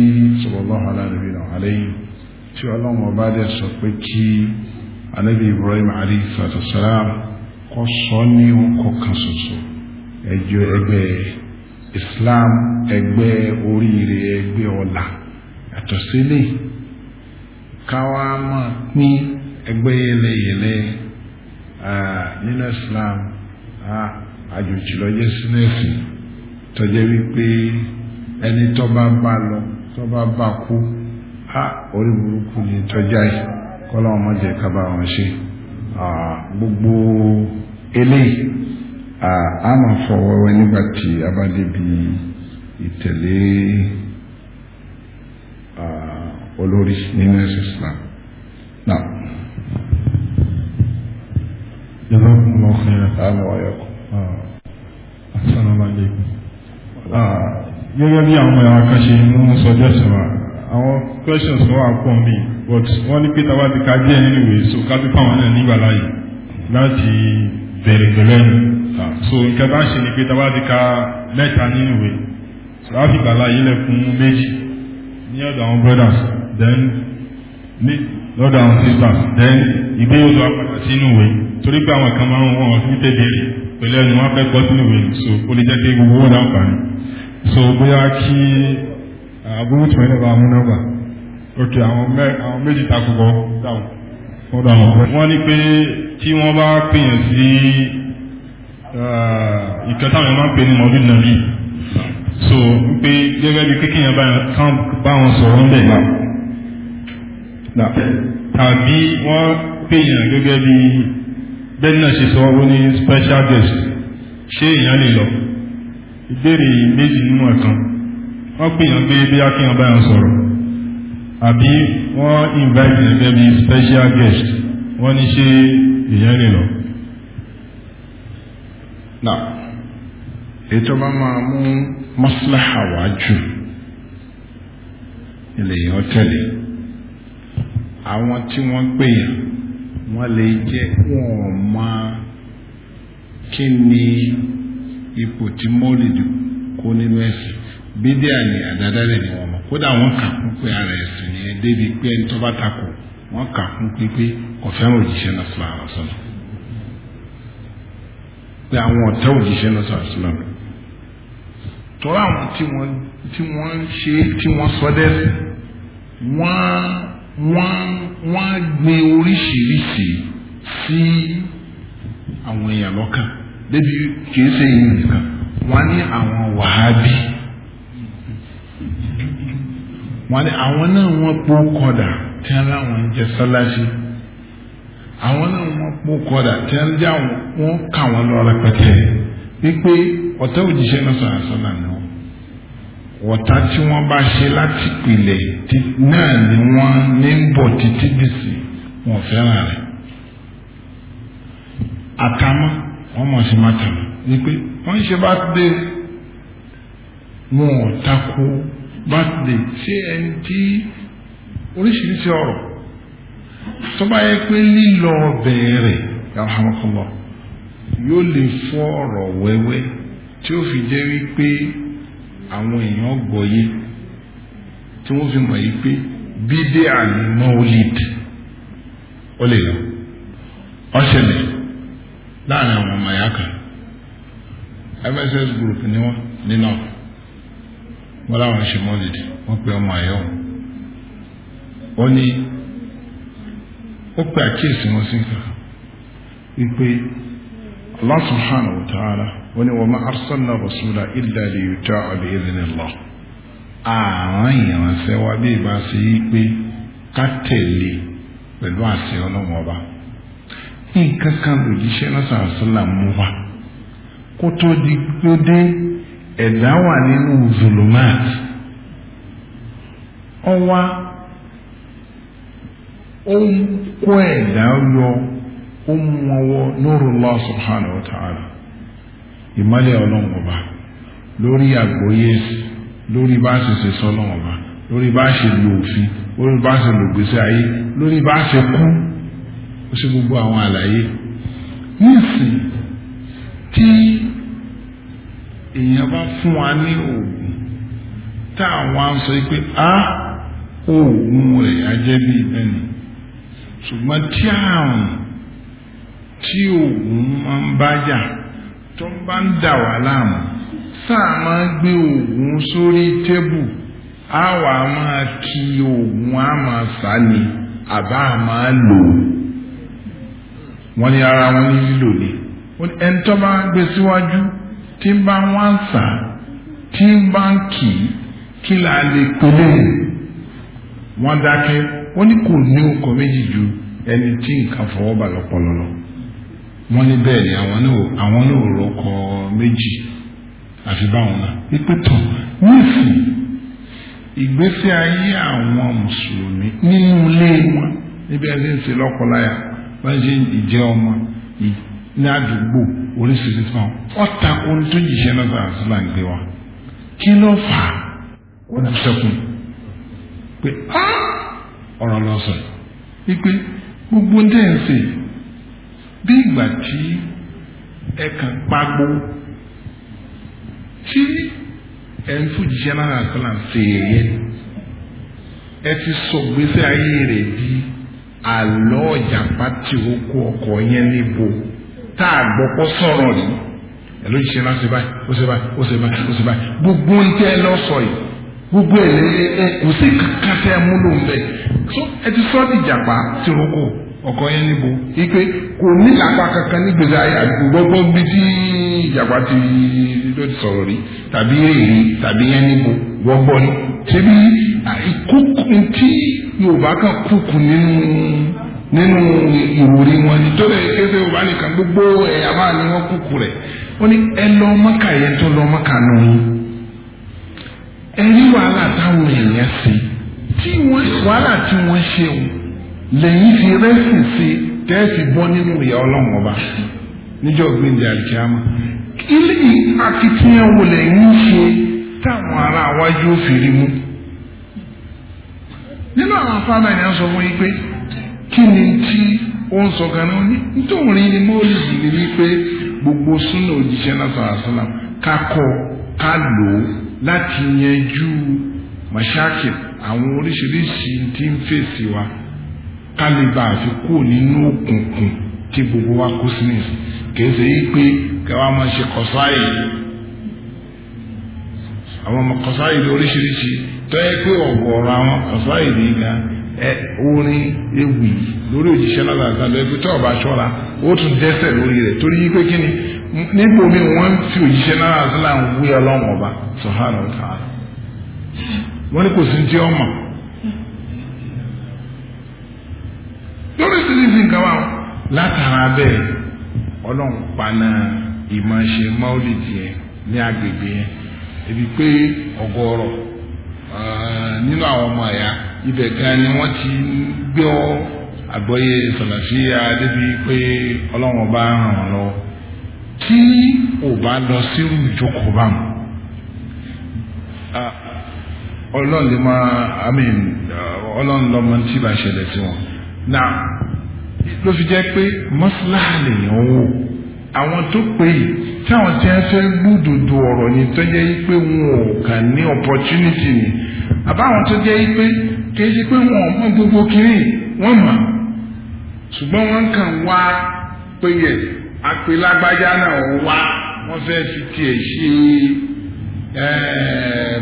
tí ọlọ́run ọba dẹ̀ sọ pé kí anabi ibrahim alayhi salatu kọ́ ní ọkọ̀ kan ṣoṣo ẹjọ́ islam ẹgbẹ́ oríire ẹgbẹ́ ọ̀la yàtọ̀ sílẹ̀ káwa máa pín ẹgbẹ́ yẹlẹyẹlẹ nínú islam àjòjì lọ́jẹ́ sínú tọ́jẹ́ wípé ẹni lọ bá bá ha orí burúkú ni tọ́já yìí kọ́lá wọn má jẹ́ ká bá wọn ṣe gbogbo eléyìí a máa fọwọ́ wẹ́ nígbà tí a bá débi ìtẹ̀lé olórí nínú ẹ̀sìn Islam. Now, Jazakumullahu Gẹ́gẹ́ bí àwọn ọmọ ẹ̀wà ṣe mú sọ́jọ́ sọ̀rọ̀ àwọn questions wà pọ̀ mí but wọ́n ní pé tàbá ti ka díẹ̀ nínú ìwé so ká tó fáwọn náà nígbà láàyè láti bẹ̀rẹ̀ pẹ̀lú ẹnu so nǹkan bá ń ṣe ni pé tàbá ti ka mẹ́ta nínú ìwé so á fi gbàlá yìí lẹ̀ méjì ní ọ̀dọ̀ àwọn brothers then ní lọ́dọ̀ àwọn sisters then ìgbéyàwó wa padà sínú ìwé torí pé àwọn kan máa ń wọ́n ọ̀sìn tẹ̀bẹ̀rẹ̀ pẹ̀lú ẹnu wọn fẹ́ gbọ́ sínú ìwé so ó lè jẹ́ pé gbogbo wọn dáǹfààní so bóyá kí àbúrò tí wọ́n lè bá mú nọ́mbà ok àwọn méjì takùkọ dáhùn wọ́n dáhùn ọ̀pọ̀. wọ́n ní pé tí wọ́n bá pèyàn sí ah, ìkẹta mi máa ń pè ní mọ́bí nàbí so ń pé gẹ́gẹ́ bí kékèèyàn bá wọn sọ̀rọ̀ ń bẹ̀ tàbí wọ́n pèyàn gẹ́gẹ́ bí bẹ́ẹ̀ náà ṣe sọ ó ní special guest ṣé èèyàn lè lọ ìbéèrè méjì nínú ẹ̀kan wọ́n pèèyàn pé bí akíyàn bá yàn sọ̀rọ̀ àbí wọ́n invite ẹgbẹ́ bí special guest wọ́n ní ṣe èèyàn lè lọ. nà ètò bá máa mú maslaha wá jù ilé èèyàn tẹ̀lé àwọn tí wọ́n pèèyàn wọ́n lè jẹ́ wọn máa kí ni ipò tí mọ́lìdì kó nínú ẹ̀sìn bídíà ni àdádálẹ̀ ni wọ́n mọ̀ kódà wọ́n kà kún pé ara ẹ̀sìn ni ẹ débi pé ẹni tó bá takò wọ́n kà kún pé pé kò fẹ́ràn òjíṣẹ́ náà sọ̀rọ̀ àwọn sọ̀rọ̀ pé àwọn ọ̀tá òjíṣẹ́ náà sọ̀rọ̀ sọ̀rọ̀ tọ́lá àwọn tí wọ́n tí wọ́n ṣe tí wọ́n sọ dẹ́sì wọ́n wọ́n wọ́n gbé oríṣiríṣi sí àwọn èèyàn lọ́kàn débi kìí ṣe yìí nìkan wọ́n ní àwọn wàhábì wọn ni àwọn náà wọ́n pò kọ́dà tí wọ́n láwọn ń jẹ sọ́láṣí àwọn náà wọ́n pò kọ́dà tí wọ́n jẹ́ àwọn wọ́n kà wọ́n lọ rẹpẹtẹ wípé ọ̀tá òjíṣẹ́ náà sọ̀rọ̀ sọ́nà náà ọ̀tá tí wọ́n bá ṣe láti pìlẹ̀ náà ni wọ́n ní ń bọ̀ títí dìsì wọn fẹ́ràn rẹ̀ àtàmọ́ wọ́n mọ̀ sí máa wípé wọ́n ṣe bá dé wọn ò takò birthday ṣé ẹni tí oríṣiríṣi sọba tó bá yẹ pé lílọ bẹ̀rẹ̀ alhamdulilah yóò lè fọ́ ọ̀rọ̀ wẹ́wẹ́ tí ó fi jẹ́ wípé àwọn èèyàn gbọ́yé tí wọ́n fi mọ̀ yí pé bídé àní ó lè ọmọ kan mss group ni wọ́n láwọn ṣe mọ́lìdì wọ́n pe ọmọ àyọ̀ ó ní ó pe àkíyèsí wọn sí wípé Allah subhanahu wa wọ́n ma illa liyuta'a bi idhnillah àwọn ìrànṣẹ́ wa bí ìbá ṣe yí pé ká tẹ̀lé pẹ̀lú àṣẹ ọlọ́run ọba nǹkan kan lòdì iṣẹ́ lọ́sàn-án sọ́là mú wa kó tó ẹ̀dá wà nínú zulumat ọwa ó ń kó ẹ̀dá yọ ó mú ọwọ́ nurullah subhanahu wa ta'ala ìmọ́lẹ̀ ọlọ́run ọba lórí àgbóyè lórí bá ṣe ṣe sọ́nà ọba lórí bá ṣe lo òfin lórí bá ṣe lo gbèsè ayé lórí bá ṣe kú ó sì gbogbo àwọn àlàyé nísìn tí èèyàn bá fún wa ní oògùn tá àwọn á sọ pé a oògùn rẹ̀ ajẹ́ bí ìbẹ́ni ṣùgbọ́n tí àrùn tí oògùn máa ń bá yà tó ń bá ń dà wá láàmú sáà máa gbé oògùn sórí tébù a wà máa kí oògùn a máa sá ni àbá máa lò wọ́n ní ara wọn ní lílò ni ẹni tó bá gbé síwájú. Si tí ń bá wá ń sà tí ń bá ń kì í kí la lè pélé wọn dákẹ́ wọ́n ní kò ní ọkọ méjì ju ẹni tí nǹkan fọwọ́ bà lọ́pọlọ lọ wọ́n ní bẹ́ẹ̀ ni àwọn náà àwọn náà rọkọ méjì àfi báwọn náà wípé tọ̀ nísìnyí ìgbésí ayé àwọn mùsùlùmí nínú ilé wọn níbi ẹni ń ṣe lọ́kọláya wọ́n ṣe ìjẹ́ ọmọ ní àdúgbò oríṣiríṣi fún ọ tako tó jíṣẹ́ náà sàn sílà ń gbé wa kí ló fà á wọn ti sẹkùn pé á ọ̀rọ̀ lọ sọ yìí pé gbogbo ń dẹ́ ń sè bí ìgbà tí ẹ kàn pagbo tí ẹ ń fún jíṣẹ́ náà sàn sílà ń sè é ẹ ti sọ gbèsè ayé rẹ̀ di àlọ́ ìjàpá tí ó kó ọkọ̀ yẹn níbo tá a gbọ́ kó sọ̀rọ̀ rí ẹ ló ṣe náà ṣe báyìí ó ṣe báyìí ó ṣe báyìí ó ṣe báyìí gbogbo ń tẹ́ lọ sọ yìí gbogbo ẹ̀ lé ẹ kò sí kankan tẹ́ ẹ mú ló ń bẹ̀ ẹ ti sọ́ di ìjàpá ti roko ọkọ yẹn níbo ipe kò ní làpá kankan ní gbèsè ayé àgbègbè bí tí ìjàpá ti ló ti sọ̀rọ̀ rí tàbí èrè tàbí yẹn níbo gbọ́gbọ́ ni ṣé bí kúkú tí Yorùbá kan kúkú nínú nínú ìwúrí wọn ni tó lẹ́yìn kéde òbá nìkan gbogbo ẹ̀yà máa ní wọ́n kúkú rẹ̀ ó ní ẹ lọ mọ́kà yẹn tó lọ mọ́kà nù yín ẹ rí wàhálà táwọn èèyàn ṣe tí wàhálà tí wọ́n ṣe o lẹ́yìn fi rẹ́sì ṣe tẹ́ẹ̀sì bọ́ nínú ìyá ọlọ́run ọba níjọ́ gbẹ̀ndẹ̀ àlìkíyàmá ilé akitiyan wo lẹ́yìn ṣe táwọn ará wájú fi rí mú nínú àwọn afárá yẹn sọ fún yín pé. kí ni tí ó ń sọ gan náà nítorí ní mọ́ọ̀lìdì ni wípé gbogbo súnà òjíṣẹ́ náà sọ̀rọ̀ sọ́lá ká kọ́ ká lò ó láti yanjú mọ̀ṣáàkì àwọn oríṣiríṣi tí ń fèsì wa ká lè bá a fi kúrò nínú òkùnkùn tí gbogbo wa kó pé máa ṣe orin ewì lórí òjíṣẹ́ náà láti àlọ́ ẹgbẹ́ tó ọba ṣọ́ra ó tún dẹ́sẹ̀ lórí rẹ̀ torí pé kí ni omi fi náà wí ọba sọ̀hánà ọ̀tá wọ́n ní kò sí ti ọmọ. lórí nǹkan wa látara bẹ́ẹ̀ ọlọ́run paná ìmọ̀ ṣe tiẹ̀ ní agbègbè yẹn ebi pé ọgọ́rọ̀ Ah, nínú àwọn ọmọ ẹ̀yà ibẹ̀ gan ni wọ́n ti gbé ọ́ àgbọ́yé sọ̀làfíà débi pé ọlọ́run bá ràn wọ́n lọ́wọ́ tí ò bá lọ sírù ìjókòó bá mu ah, ọlọ́run lè máa amín ọlọ́run lọ́mọ tí bá ṣẹlẹ̀ sí wọn. nà ló fi jẹ́ pé mọ́sálásí lèèyàn wò àwọn tó pè é táwọn tí wọ́n fẹ́ gbúdòdò ọ̀rọ̀ ni tó jẹ́ pé wọn ò kàn ní opportunity ni àbáwọn tó jẹ́ pé kì í ṣe pé wọ́n mọ gbogbo kiri wọ́n mọ̀ ṣùgbọ́n wọ́n kàn wá pé àpèlágbájá náà wá wọ́n fẹ́ fi tiẹ̀ ṣe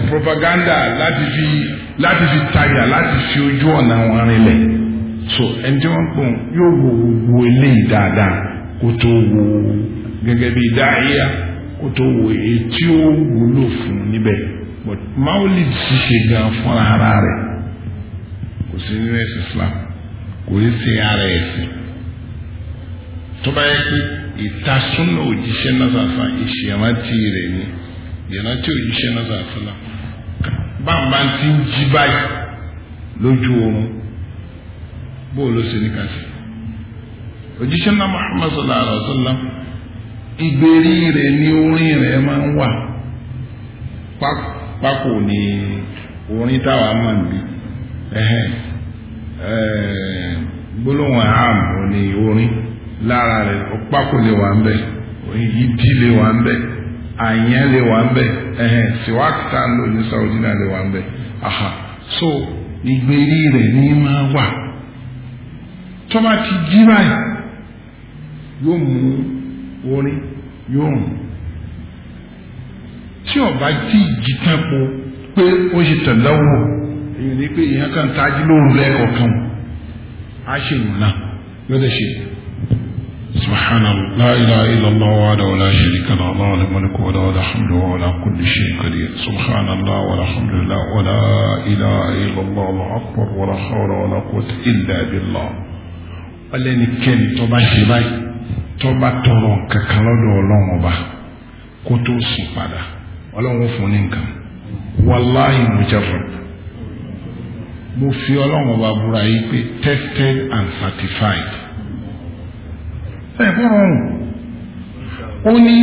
propaganda láti fi láti fi tajà láti fi ojú ọ̀nà wọn rinlẹ̀ so ẹni tí wọ́n pọ̀ yóò wo gbogbo eléyìí dáadáa kó tó wo gẹ́gẹ́ bí dáhìá kó tó wo èyí tí ó wúlò fún níbẹ̀. but maulid ṣíṣe gan fún ara rẹ̀ kò sí nínú ẹ̀sìn Islam kò ara ẹ̀sìn tó bá yẹ pé suna òjíṣẹ́ náà sàfà ìṣèrántí rẹ̀ ni ìrántí òjíṣẹ́ náà sàfà bàbá ti ń jí báyìí lójú oorun bóò ló ṣe ní kásì òjíṣẹ́ náà ma sallallahu alaihi wa sallam ìgbèrí rẹ̀ ní orin rẹ̀ máa ń wà pákó ni orin táwa mọ̀ níbi gbólóhùn àmọ́ ni orin lára rẹ̀ pákó lè wà ń bẹ̀ ìdí lè wà ń bẹ̀ àyàn lè wà ń bẹ̀ síwáàkì tá à ń lò ní Saudi náà lè wà ń bẹ̀ so ìgbèrí rẹ̀ ní máa wà tọ́ba ti jí báyìí yóò mú orin yóò rùn tí ọba tí ìjì tán po pé ó ṣe tẹ̀lé wò èyí ni pé ìyẹn kan tají lóru lẹ́ẹ̀kọ̀ọ̀kan á ṣe ìwọ̀n náà lọ́dẹ̀ ṣe. سبحان الله لا إله إلا الله وحده لا شريك له له الملك وله الحمد وله على كل شيء قدير سبحان الله والحمد لله ولا إله إلا الله الله أكبر ولا حول ولا قوة إلا بالله ọlẹ́ni kẹ́ni tó bá ṣe báyìí tó bá tọrọ kankan lọ́dọ̀ ọlọ́run ọba kó tó sùn padà ọlọ́run fún ní nǹkan wàláhì mujarrab mo fi ọlọ́run ọba búra yìí pé tested and certified ẹ bọ́rọ̀rùn ó ní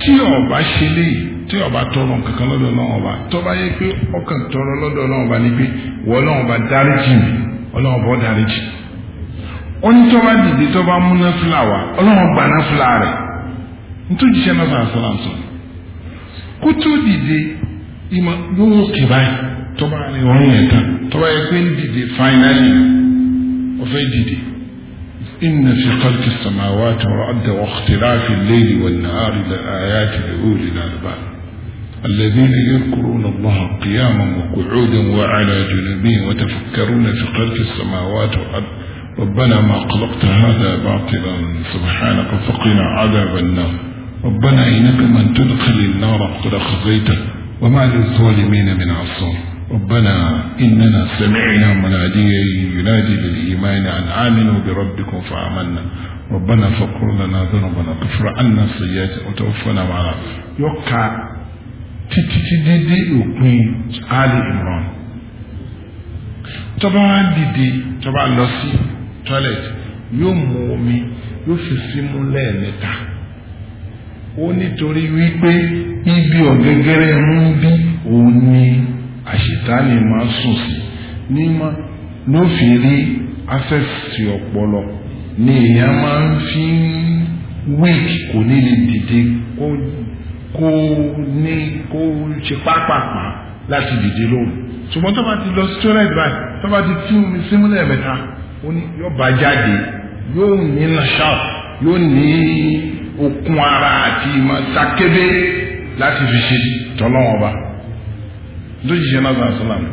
tí ọba ṣe léyìí tí ọba tọrọ nǹkankan lọ́dọ̀ náà ọba tọba yẹ pé ọkàn tọrọ lọ́dọ̀ náà ọba ni pé wọ́n náà ọba dáríjì mi ọlọ́run ọba dáríjì oní tọba dìde tọba múná fúláwà ọlọ́run gbaná fúlá rẹ̀ nítorí jíṣẹ́ náà sàrà sọ́lá sọ́lá. kó dìde ìmọ̀ lóhùn kìbáyì tọ́ba rẹ̀ wọ́n yẹn tán tọ́ba yẹ pé dìde fáínálì ọ̀fẹ́ dìde. إن في خلق السماوات والأرض واختلاف الليل والنهار لآيات لأولي الألباب الذين يذكرون الله قياما وقعودا وعلى جنبهم وتفكرون في خلق السماوات والأرض ربنا ما خلقت هذا باطلا سبحانك فقنا عذاب النار ربنا إنك من تدخل النار قد خزيته وما للظالمين من عصام ربنا إننا سمعنا مناديا ينادي للإيمان أن آمنوا بربكم فآمنا ربنا فقر لنا ذنوبنا كفر عنا السيئات وتوفنا مع الأبرار يقع títí dédé òpin Ali Imran tọ́ba wa dìde tọ́ba lọ sí toilet yóò mú omi ó nítorí wípé ibi ọ̀gẹ́gẹ́rẹ́ ń bí òun ni àṣetánì máa sùn sí nímọ̀ ló fi rí afẹ́fẹ́ ọpọlọ ni èèyàn máa ń fi wíìk kò ní lè dìde kó ní kó ṣe pápápá láti dìde lóru ṣùgbọ́n tó bá ti lọ sí toilet báyìí tó bá ti tún mi símúlẹ̀ mẹ́ta yóò bá jáde yóò ní nàṣà yóò ní okun ara àti ìmọ̀ lati láti fi ṣe tọ́lọ́wọ́n ọba lójijì náà sàn sọ́là mi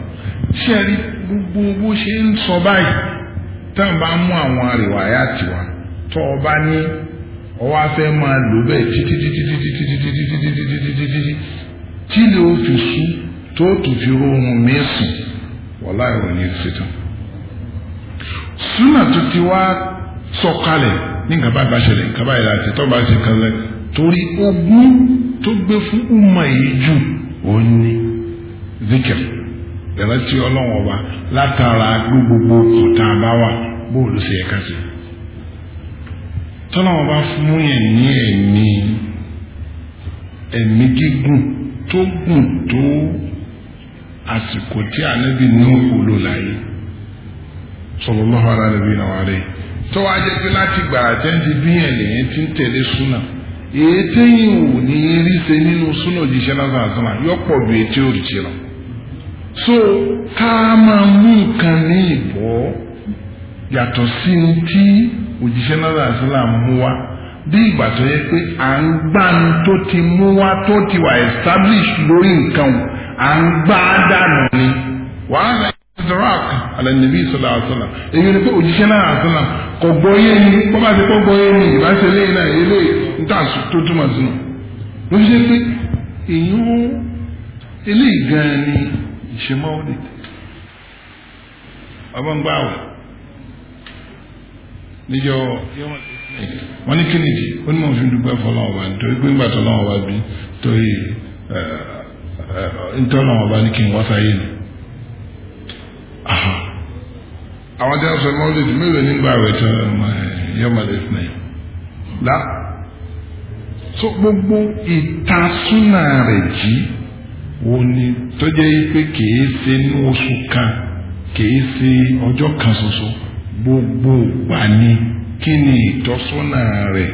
ṣé ẹ rí gbogbo bó ṣe ń sọ báyìí tá à ń àwọn tiwa tó ọba ní ọwọ́ afẹ́ máa lò bẹ́ẹ̀ títí títí títí títí títí títí títí títí títí tí lè sọ̀kalẹ̀ ní nǹkan báyìí bá ṣẹlẹ̀ nǹkan báyìí láti tó bá ṣe kan lẹ torí ogún tó gbé fún umma yìí jù òun ni zikir ìrántí ọlọ́run ọba látara gbogbogbò kọ̀tà bá wà bóòlù sí ẹ̀ka sí tọ́lọ́run bá fún yẹn ní ẹ̀mí ẹ̀mí gígùn tó gùn tó àsìkò tí ànábì ní òkú lò láyé sallallahu alaihi wa sallam tó wá jẹ́ pé láti gbà àtẹ́ǹtì bí yẹn lèyìn ti ń tẹ̀lé súnà èyí téyìn wò ní rí ṣe nínú súnà òjíṣẹ́ lásán àsánà yóò pọ̀ ju etí lọ. so ká máa mú nǹkan ní ìbọ̀ yàtọ̀ sí ní tí òjíṣẹ́ lásán àsánà mú wá bí ìgbà tó yẹ pé à ń gbá ní tó ti mú wá tó ti wà establish lórí nǹkan à ń gbá dànù ni wàhálà sirak alẹ́nibí sọlá àṣọlá èyí ni pé òjíṣẹ́ náà àṣọlá kò gbọ́yé ni bó bá ti kọ́ gbọ́yé ni ìbáṣe lé náà ilé níta tó túmọ̀ sínú. ló fi ṣe pé èyàn eléyìí gan-an ni ìṣemáwó lè tẹ̀. ọba ń gbà wọ̀ níjọ wọn ní kínìjì ó ní mọ̀ fi dúpẹ́ fọlọ́wọ́ bá nítorí pé ńgbà tọ́lọ́wọ́ bá bí torí ntọ́lọ́wọ́ bá ní kí n wá sáyé ni. àwọn tí wọ́n sọ mọ́lẹ́dì mélòó nígbà rẹ̀ tí wọ́n yọmọ lẹ́sìn náà tó gbogbo ìtasúnà rẹ̀ jí wo ni tó jẹ́ pé kìí ṣe inú oṣù kan kìí ṣe ọjọ́ kan ṣoṣo gbogbo kí ni ìtọ́sọ́nà rẹ̀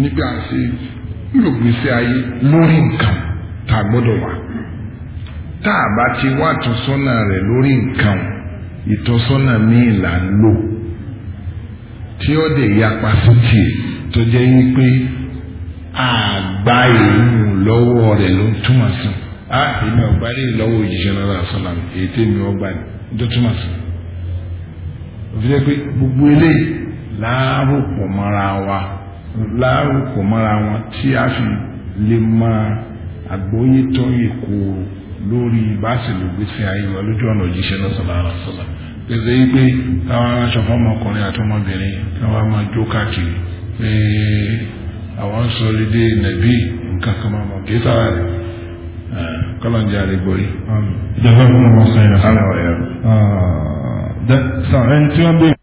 níbi àṣẹ ayé lórí nǹkan tá a gbọ́dọ̀ wà tá a bá ìtọ́sọ́nà míì là ń lò tí ó dé yapa sí tiẹ̀ tó jẹ́ yín pé àgbà èèyàn lọ́wọ́ rẹ̀ ló ń túmọ̀ sí a èmi ọgbà lè lọ́wọ́ òjijì náírà sọ́nà èyí tí èmi ọgbà ló túmọ̀ sí. òfin jẹ́ pé gbogbo eléyìí láàrúkọ mọ́ra wa láàrúkọ mọ́ra wọn tí a fi lè máa àgbóyé tó yẹ lórí ìbáṣelò gbèsè ayé wa lójú ọ̀nà òjíṣẹ́ náà sọ̀rọ̀ àrà sọ̀rọ̀ gbèsè yìí pé táwọn aṣọ fọmọkùnrin àti ọmọbìnrin táwọn máa jó káàkiri pé àwọn sọlídé nàbí nǹkan kan máa mọ̀ kéésà rẹ̀ kọ́lọ́njẹ́ àrègbò yìí. ìjọba fún ọmọ sọ yẹn. sọ̀rọ̀ ẹni tí wọ́n bẹ̀rẹ̀.